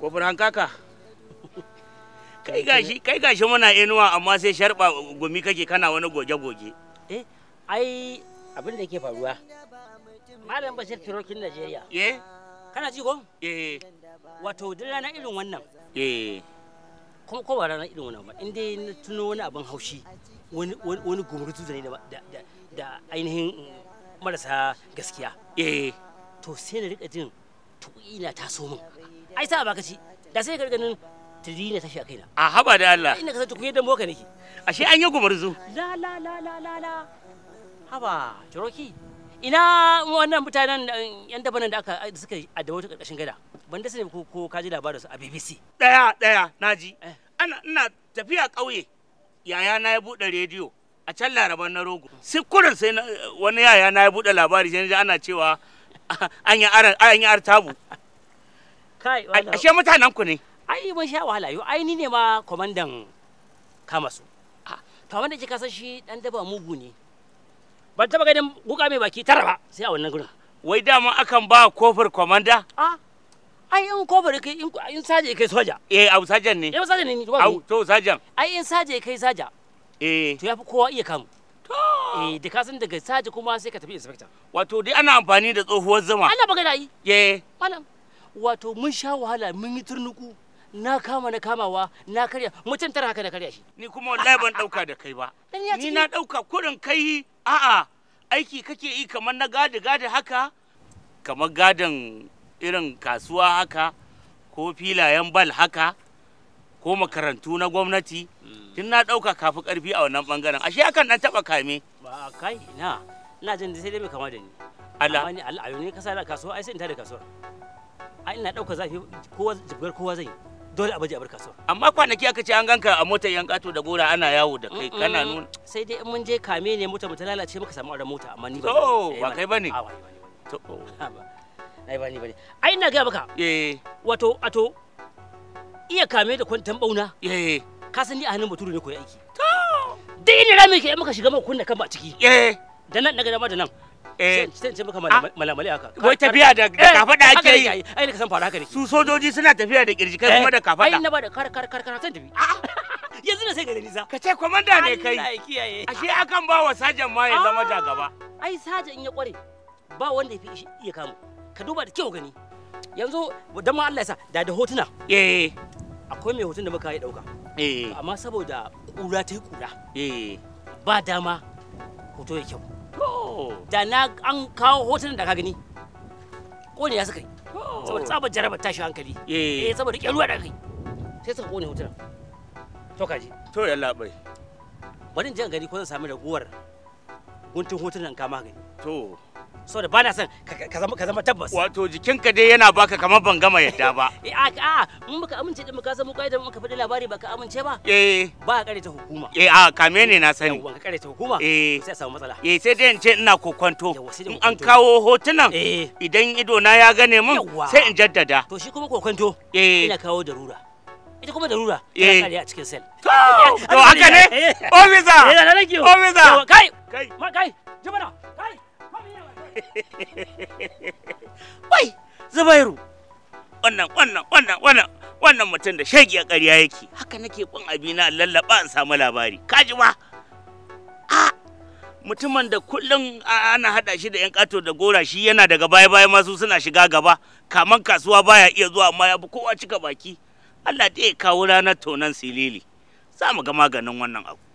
kofuran kaka. Kai gashi, kai gashi muna inuwa amma sai sharba gumi kake kana wani goge-goge. Eh, ai abin da ke faruwa. Malam Bashir Turokin Najeriya. Eh. Kana ji ko? Eh. Wato duk rana irin wannan. Eh. Kuma ko ba rana irin wannan ba, in dai na tuno wani abin haushi, wani wani gumurtu da ne da da ainihin marasa gaskiya. Eh. To sai na rika jin tuƙi na taso min. ai sa baka ci da sai ka ga nan tiri ne tashi a kaina a haba da Allah ina kasance ku yadda boka nake ashe an yi gubarzu la la la la la la haba joroki ina wannan mutanen yan dabanan da aka suka addabi ta karkashin gada ban da sani ko ko ka ji labarin su a BBC daya daya naji eh. ana ina tafiya kauye yaya na ya bude rediyo a can laraban na rogo sai kurin sai wani yaya na ya bude labari sai ana cewa an yi artabu kai wala ashe mutanen ku ne ai mun sha wahala yo ai ni ne ma komandan kama su ah. to wanda kika san shi dan daba mugu ne ban taba ganin guka mai baki tara ba sai a wannan gurin wai dama akan ba kofar komanda a ah, ai in kofar kai in saje kai soja eh abu sajan ne eh sajan ne au to sajan ai in saje kai saja eh to yafi kowa iya kamu eh da ka san daga saje kuma sai ka tafi inspector wato dai ana amfani da tsohuwar zama Allah magana yi eh malam wato mun sha wahala mun yi turnuku na kama na kamawa na karya mutum tara haka na karya shi ni kuma wallahi ban dauka da kai ba ni na dauka kurin kai a'a aiki kake yi kamar na gadi gadi haka kamar gadin irin kasuwa haka ko filayen bal haka ko makarantu na gwamnati hmm. tun na dauka kafi karfi a wannan bangaren ashe hakan dan taba kame ba kai na na jin sai dai mai kama da ni Allah ni Allah ayo ne ka sa kasuwa ai sai in ta da kasuwa a ina ɗauka zafi kowa jibgar kowa zai dole a baje a bar kasuwa amma kwanaki aka ce an ganka a motar yan kato da gora ana yawo da kai kana nuna sai dai mun je kame ne mota mu ta lalace muka samu aran mota amma ni ba eh, ba kai bane to oh. ai ba bane ai ina ga baka eh wato ato iya kame da kwantan bauna eh ka san ni a hannun bature ne koyi aiki to dai ni rami ke muka shiga muka kunna kan ba ciki eh da nan daga dama da nan Eh. sai maka ah. malamali haka wai tafiya da eh, kafada ake yi ai da san fara haka ne su sojoji suna tafiya da kirji kai kuma da eh, kafada ai na ba da kar kar kar kar san tafi ah. yanzu na sai ga nisa ka ce komanda ne kai Allah ya kiyaye ashe akan ba wa sajan ma ya ah. zama da gaba ai sajan in ya kware ba wanda ya fi iya kamu ka duba da kyau gani yanzu dan ma Allah ya sa da da hotuna eh akwai mai hotun da muka yi dauka eh amma saboda kura ta yi kura eh ba dama hoto ya kyau da na an kawo hotunan da ka gani kone ya suka yi oh. saboda tsaba jaraba tashi hankali eh, eh saboda rike ruwa da kai sai suka kone hotunan to kaji to yalla bai bari in je gani ko zan sami raguwar guntun hotunan kama gani to saboda ba na son ka zama tabbas wato jikinka dai yana baka kamar ban gama yadda ba eh, a a mun baka amince da muka samu kaida muka faɗi labari baka amince ba eh ba ka kare ta hukuma eh a kame ne na sani ba ka kare ta hukuma eh sai samu matsala eh sai dai in ce ina kokonto in an kawo hotunan eh. idan ido na ya gane mun sai in jaddada to shi kuma kokonto eh ina kawo darura ita kuma darura ina kare eh. a cikin sel to haka ne officer officer kai kai jibana wai zubairu wannan wannan wannan wannan wannan mutum da shagi a ƙarya yake haka nake bin abina lallaba in samu labari kaji ba a mutumin da kullum ana haɗa shi da yan ƙato da gora shi yana daga baya baya masu suna shiga gaba kaman kasuwa baya iya zuwa amma ya kowa cika baki Allah dai ya kawo ranar tonan silili za mu ga maganin wannan abu